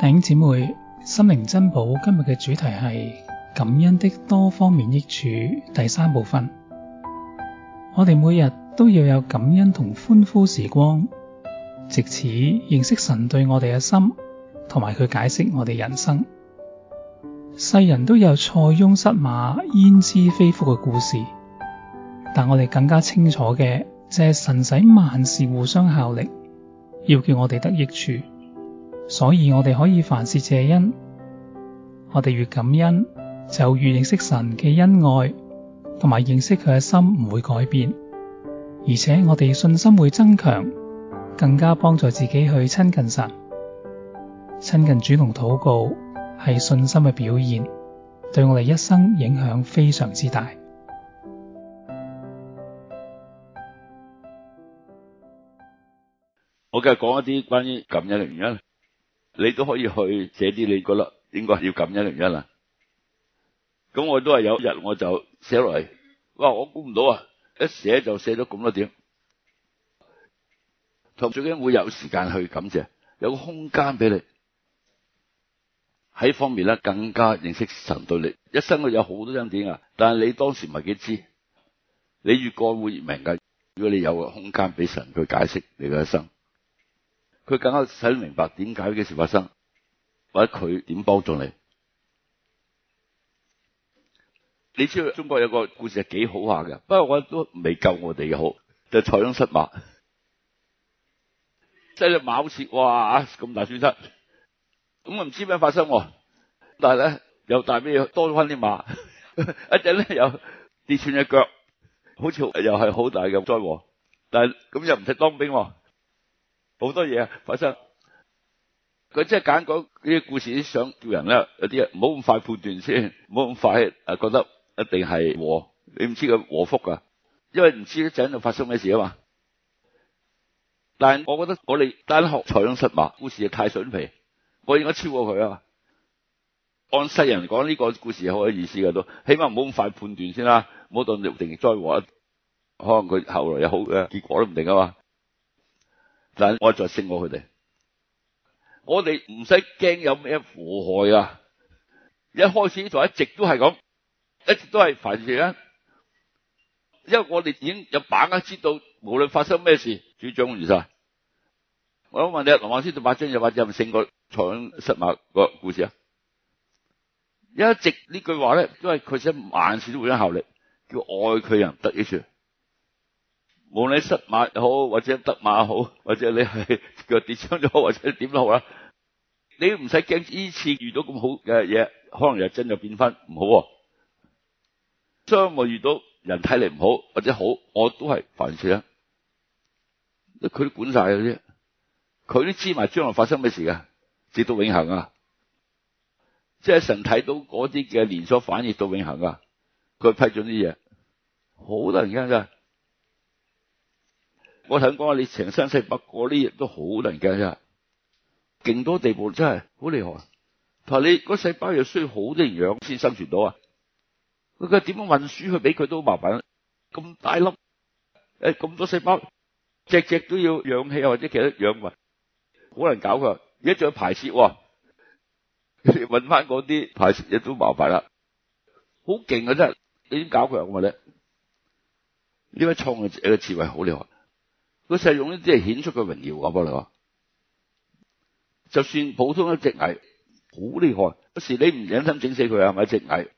弟兄姐妹，心靈珍寶今日嘅主題係感恩的多方面益處第三部分。我哋每日都要有感恩同歡呼時光，藉此認識神對我哋嘅心，同埋佢解釋我哋人生。世人都有塞翁失馬、焉知非福嘅故事，但我哋更加清楚嘅就係神使萬事互相效力，要叫我哋得益處。所以我哋可以凡事謝恩，我哋越感恩就越認識神嘅恩愛，同埋認識佢嘅心唔會改變，而且我哋信心會增強，更加幫助自己去親近神、親近主同禱告，係信心嘅表現，對我哋一生影響非常之大。我繼續講一啲關於感恩嘅原因。你都可以去寫啲你覺得應該要感恩嘅原因啦。咁我都係有一日我就寫落嚟。哇，我估唔到啊！一寫就寫咗咁多點。同最緊會有時間去感謝，有個空間俾你喺方面咧，更加認識神對你一生，會有好多張點噶但係你當時唔係幾知，你越過會越明噶。如果你有個空間俾神去解釋你嘅一生。佢更加使你明白點解嘅事發生，或者佢點幫助你。你知道中國有個故事係幾好下嘅，不過我都未夠我哋嘅好，就塞翁失馬，即係馬好似哇咁大損失，咁、嗯、唔知咩發生喎、啊？但係咧又帶咩多翻啲馬，一陣咧又跌穿隻腳，好似又係好大嘅災禍，但係咁、嗯、又唔使當兵喎。好多嘢啊發生，佢即係揀講呢啲故事，想叫人咧，有啲人唔好咁快判斷先，唔好咁快覺覺得一定係禍，你唔知佢禍福噶，因為唔知一陣喺度發生咩事啊嘛。但係我覺得我哋單學塞翁失馬，故事太損皮，我應該超過佢啊。按世人講，講呢個故事好有意思噶都，起碼唔好咁快判斷先啦，唔好當定災禍，可能佢後來有好嘅結果都唔定啊嘛。我再勝過佢哋，我哋唔使驚有咩禍害啊！一開始就一直都係咁，一直都係凡事啊，因為我哋已經有把握知道，無論發生咩事，主掌完晒。我想問你，羅馬先同八章又或者，有冇勝過塞翁失馬個故事啊？一直呢句話咧，因為佢喺萬事都互相效力，叫愛佢人得益處。無論失馬好，或者得馬好，或者你係腳跌傷咗，好，或者點都好啦，你唔使驚。呢次遇到咁好嘅嘢，可能又真就變翻唔好。將來遇到人睇嚟，唔好或者好，我都係凡事啊。佢都管晒嘅啫，佢都知埋將來發生咩事噶，直到永恆啊！即係神睇到嗰啲嘅連鎖反應到永恆啊，佢批准啲嘢，好突然間就。我想講下，你成身細胞呢啲嘢都好難計啊，勁多地步真係好厲害。同埋你、嗰個細胞又需要好多營養先生存到啊，佢話點樣運輸去俾佢都麻煩。咁大粒，誒咁多細胞，只只都要氧氣或者其他養分，好難搞噶。而家仲有排泄，運翻嗰啲排泄嘢都麻煩啦。好勁啊，真係，你點搞佢啊咁咧？呢位創造者嘅智慧好厲害。佢就用呢啲嚟顯出佢榮耀，咁樣你話喎。就算普通一隻蟻好厲害，有時不時你唔忍心整死佢係咪？隻蟻，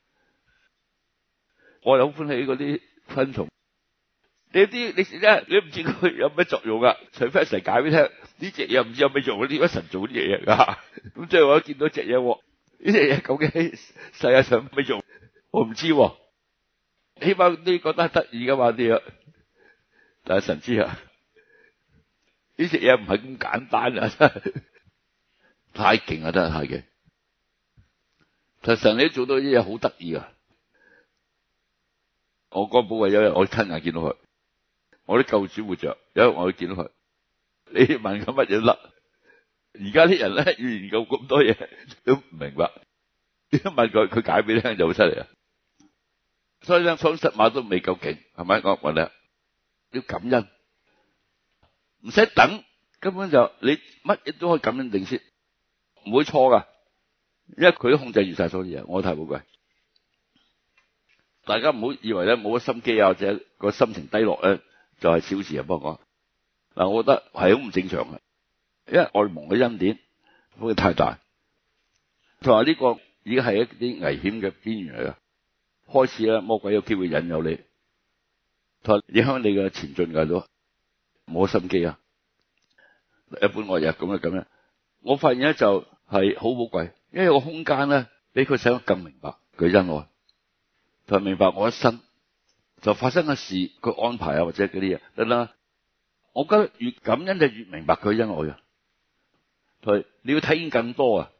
我好歡喜嗰啲昆蟲，呢啲你你唔知佢有咩作用噶？除非神解俾你聽，呢隻嘢唔知道有咩用，點解神做啲嘢啊？咁即係我見到隻嘢，呢隻嘢究竟神有神咩用？我唔知道、啊，起碼你覺得得意噶嘛啲嘢，但係神知啊。呢隻嘢唔係咁簡單啊！太勁啊，真係太勁！其實神你做到啲嘢好得意啊！我江寶慧有一日我親眼見到佢，我啲舊主活着，有一日我去見到佢，你問佢乜嘢甩？而家啲人咧要研究咁多嘢都唔明白，點解問佢佢解俾你聽就好犀利啊！所以咧，方實買都未夠勁，係咪？我問你，要感恩。唔使等，根本就你乜嘢都可以咁樣定先，唔會錯噶，因為佢都控制住晒所有嘢。我太寶貴，大家唔好以為咧冇咗心機啊，或者個心情低落咧，就係、是、小事啊，不過，講嗱，我覺得係好唔正常嘅，因為外蒙嘅陰點好似太大，同埋呢個已經係一啲危險嘅邊緣嚟噶，開始啦，魔鬼有機會引誘你，同影響你嘅前進嘅咗。冇心機啊，一般我日咁啊咁樣，我發現咧就係好寶貴，因為個空間咧俾佢使我更明白佢恩愛，佢明白我一生就發生嘅事，佢安排啊或者嗰啲嘢，得啦。我覺得越感恩就越明白佢恩愛啊。佢你要體驗更多啊，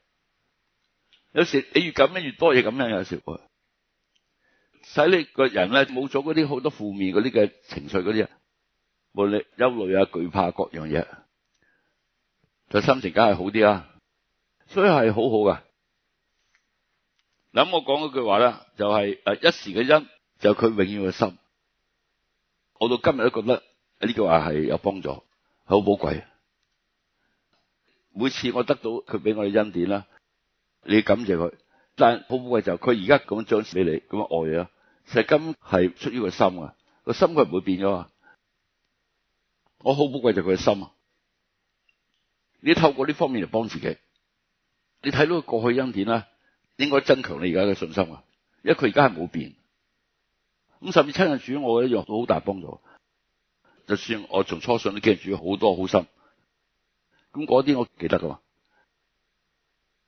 有時你越感恩越多嘢感恩啊，有時，會使你個人咧冇咗嗰啲好多負面嗰啲嘅情緒嗰啲啊。冇你憂慮啊、懼怕各樣嘢，就心情梗係好啲啦，所以係好好噶。諗我講嗰句話咧，就係、是、誒一時嘅恩，就佢、是、永遠嘅心。我到今日都覺得呢句、這個、話係有幫助，係好寶貴。每次我得到佢俾我嘅恩典啦，你要感謝佢。但係好寶貴就佢而家咁樣彰顯俾你咁樣愛啊，石金係出於個心啊，個心佢唔會變咗啊。我好寶貴就佢嘅心，你透過呢方面嚟幫自己，你睇到佢過去恩典啦，應該增強你而家嘅信心啊！因為佢而家係冇變，咁甚至親近主我一樣好大幫助。就算我從初信都記得主好多好心，咁嗰啲我記得噶嘛。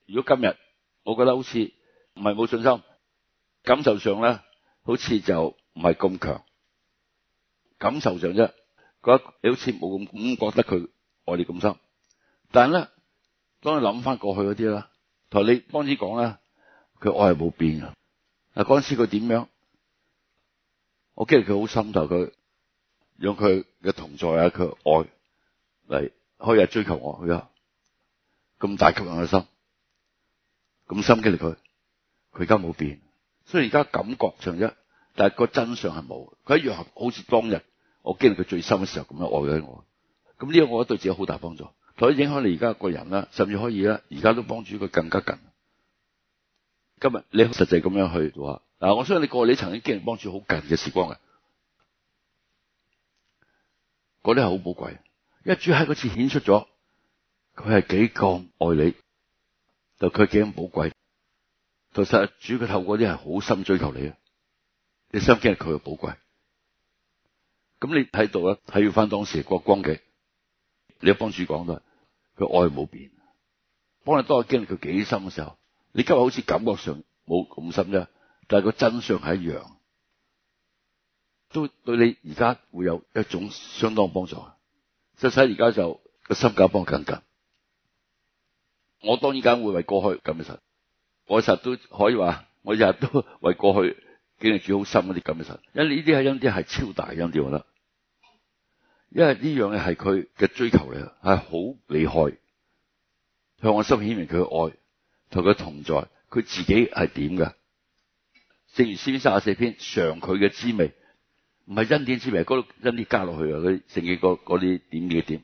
如果今日我覺得好似唔係冇信心，感受上咧好似就唔係咁強，感受上啫。覺得你好似冇咁覺得佢愛你咁深，但係咧，當你諗翻過去嗰啲啦，同你當時講啦，佢愛係冇變嘅。嗱，嗰時佢點樣，我經歷佢好心頭，就佢用佢嘅同在啊，佢愛嚟，可以係追求我嘅，咁大吸引嘅心，咁深經歷佢，佢而家冇變，雖然而家感覺上啫，但係個真相係冇，佢一樣好似當日。我經歷佢最深嘅時候，咁樣愛咗我，咁呢樣我覺得對自己好大幫助，同埋影響你而家個人啦，甚至可以啦，而家都幫助佢更加近。今日你好實際咁樣去做嗱，我相信你過去你曾經經歷幫住好近嘅時光嘅，嗰啲係好寶貴，因為主喺嗰次顯出咗佢係幾咁愛你，就佢幾咁寶貴。其實主佢透過啲係好深追求你啊，你心驚係佢嘅寶貴。咁你睇到啦，睇要翻當時國光嘅，你一幫主講啦，佢愛冇變，幫你當我經歷佢幾深嘅時候，你今日好似感覺上冇咁深啫，但係個真相係一樣，都對你而家會有一種相當幫助。即係而家就個心教幫更緊，我當然間會為過去感恩神，我實都可以話，我日日都為過去經歷住好深嗰啲感恩神，因為呢啲係陰啲係超大音啲，我諗。因為呢樣嘢係佢嘅追求嚟，係好厲害，向我心顯明佢嘅愛，同佢同在，佢自己係點噶？正如詩篇三十四篇嘗佢嘅滋味，唔係恩典滋味恩典那些點點是滋味，嗰度恩典加落去啊！佢聖經嗰啲點嘅點，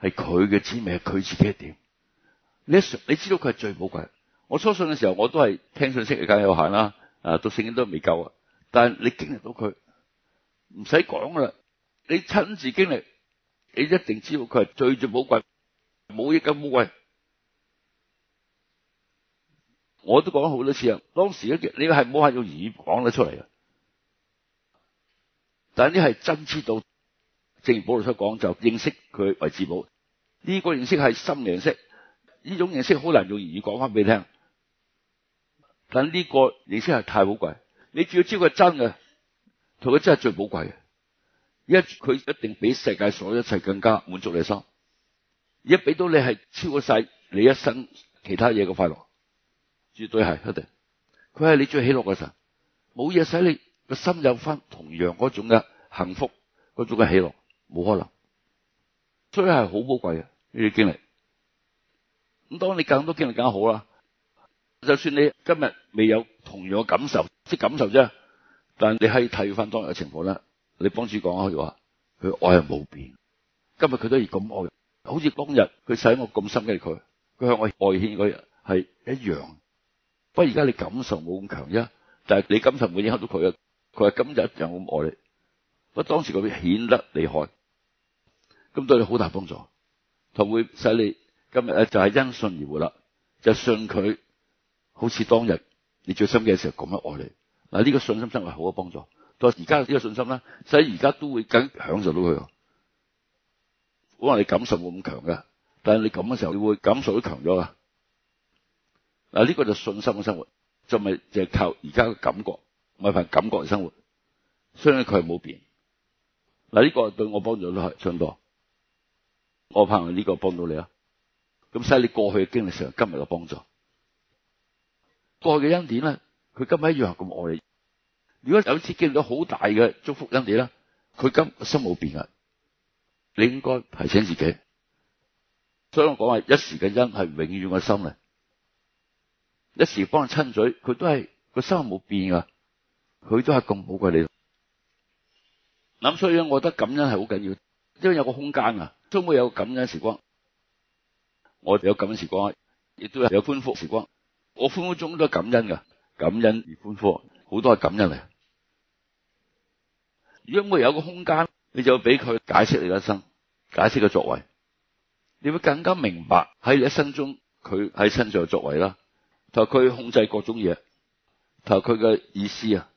係佢嘅滋味，係佢自己嘅點。你一嘗，你知道佢係最寶貴。我初信嘅時候，我都係聽信息嚟，梗有限啦，啊，到聖經都未夠啊。但係你經歷到佢，唔使講噶啦。你親自經歷，你一定知道佢係最最寶貴、冇一咁寶貴。我都講咗好多次啊，當時咧你係冇法用言語講得出嚟嘅，但係你係真知道。正如保羅所講，就認識佢為至寶。呢、呢個認識係心靈認識，呢種認識好難用言語講翻俾你聽。但呢個認識係太寶貴，你只要知道佢真嘅，同佢真係最寶貴。一佢一定比世界所有一切更加滿足你的心，一俾到你係超過晒你一生其他嘢嘅快樂，絕對係一定。佢係你最喜樂嘅時候，冇嘢使你個心有翻同樣嗰種嘅幸福嗰種嘅喜樂，冇可能。所以係好寶貴嘅呢啲經歷。咁當你更多經歷更好啦，就算你今日未有同樣嘅感受，即感受啫，但你係睇翻當日嘅情況啦。你幫主講，佢話佢愛係冇變，今日佢都以咁愛，好似當日佢使我咁深嘅，佢，佢向我愛獻嗰日係一樣。不過而家你感受冇咁強啫，但係你感受會影響到佢，佢係今日就咁愛你。不過當時佢顯得厲害，咁對你好大幫助，同會使你今日誒就係因信而活啦，就信佢，好似當日你最深嘅時候咁樣愛你。嗱，呢個信心真係好多幫助。到而家呢個信心啦，使以而家都會享享受到佢。可能你感受冇咁強嘅，但係你咁嘅時候，你會感受都強咗啊！嗱，呢個就係信心嘅生活，就咪就係靠而家嘅感覺，咪憑感覺嘅生活。所以佢係冇變。嗱、啊，呢、這個對我幫助都係相當。我盼望呢個幫到你啊！咁使你過去嘅經歷上今日嘅幫助，過去嘅恩典咧，佢今日一樣咁愛你。如果有次見到好大嘅祝福恩典咧，佢心冇變嘅，你應該提醒自己。所以我講話一時嘅恩係永遠嘅心嚟，一時幫親嘴，佢都係個心冇變噶，佢都係咁寶貴嚟。諗所以咧，我覺得感恩係好緊要，因為有個空間啊，總會有感恩時光。我哋有感恩時光，亦都有歡呼時光。我歡呼中都係感恩噶，感恩而歡呼，好多係感恩嚟。如果我有個空間，你就俾佢解釋你一生，解釋個作為，你會更加明白喺你一生中佢喺身上嘅作為啦。同佢控制各種嘢，同佢嘅意思啊，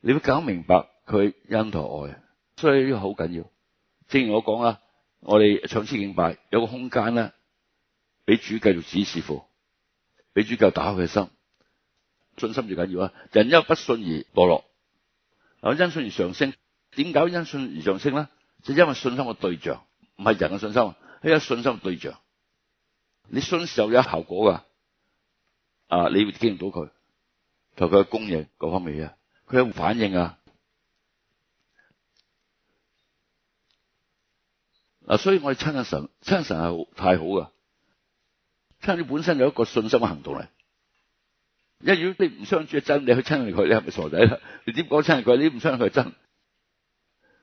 你會更加明白佢因同愛，所以呢個好緊要。正如我講啊，我哋唱詩敬拜有個空間咧，俾主繼續指示乎，俾主繼續打開佢嘅心，信心最緊要啊！人因不信而墮落。我因信而上升，點解因信而上升咧？就是、因為信心嘅對象唔係人嘅信心，係一信心嘅對象。你信受有效果噶，啊，你會經歷到佢同佢嘅供應各方面嘢，佢有反應啊。嗱，所以我哋親近神，親近神係太好噶。親近本身有一個信心嘅行動嚟。因如果你唔相信主係真嘅，你去親近佢，你係咪傻仔啦？你點講親近佢？你唔相信佢係真嘅，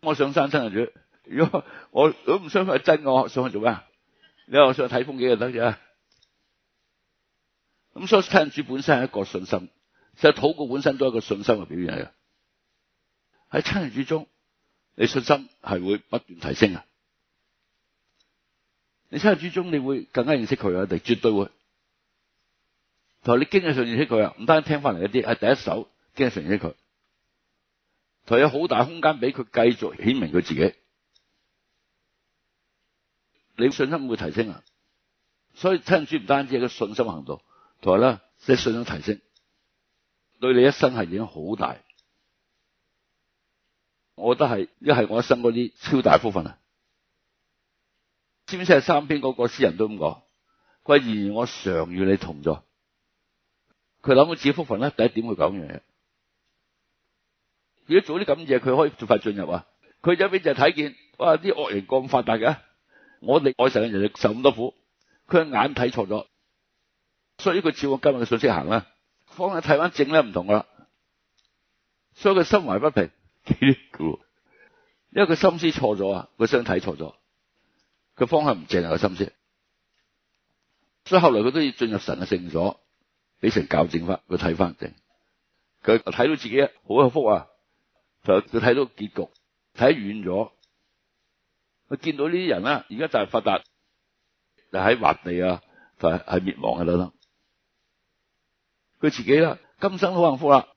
我想上山親近主。如果我佢唔相信真嘅，我想去做咩？你話我想睇風景就得啫。咁所以親近主本身係一個信心，其實禱告本身都係一個信心嘅表現。喺親近主中，你信心係會不斷提升嘅。你親近主中，你會更加認識佢哋，絕對會。同你經歷上認識佢啊，唔單聽翻嚟一啲，第一手經歷上認識佢。同有好大空間俾佢繼續顯明佢自己，你信心會提升啊！所以親主唔單止係個信心行動，同埋咧，你信心提升對你一生係影響好大。我覺得係一係我一生嗰啲超大福分啊！知唔知係三篇嗰個詩人都咁講，然而我常與你同在。佢諗到自己福分咧，第一點會講樣嘢。如果做啲咁嘢，佢可以最快進入啊！佢一邊就係睇見，哇！啲惡人咁發達嘅，我哋愛神嘅人就受咁多苦，佢眼睇錯咗，所以佢照我今日嘅信息行啦。方向睇翻正咧，唔同噶啦。所以佢心懷不平， 因為佢心思錯咗啊，佢想睇錯咗，佢方向唔正係，個心思。所以後來佢都要進入神嘅聖所。俾成校正法，佢睇翻正，佢睇到自己好幸福啊！佢佢睇到結局，睇遠咗，佢見到呢啲人啦，而家就係發達，就喺滑地啊，就係係滅亡嘅啦啦。佢自己啊，今生好幸福啦，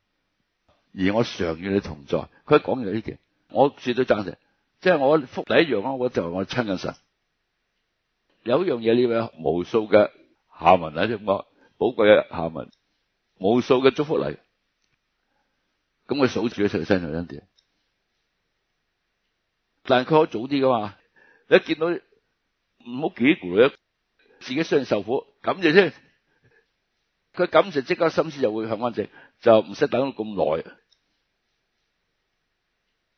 而我常與你同在。佢講嘅呢啲我絕對贊成。即係我福第一樣啊，我就係我親近神。有一樣嘢，你咪無數嘅下文喺度講。寶貴嘅下文，無數嘅祝福嚟，咁佢數住佢成身就真啲。但係佢可以早啲噶嘛？你一見到唔好自己自己雖然受苦，感就先，佢感就即刻心思就會向安靜，就唔使等咁耐。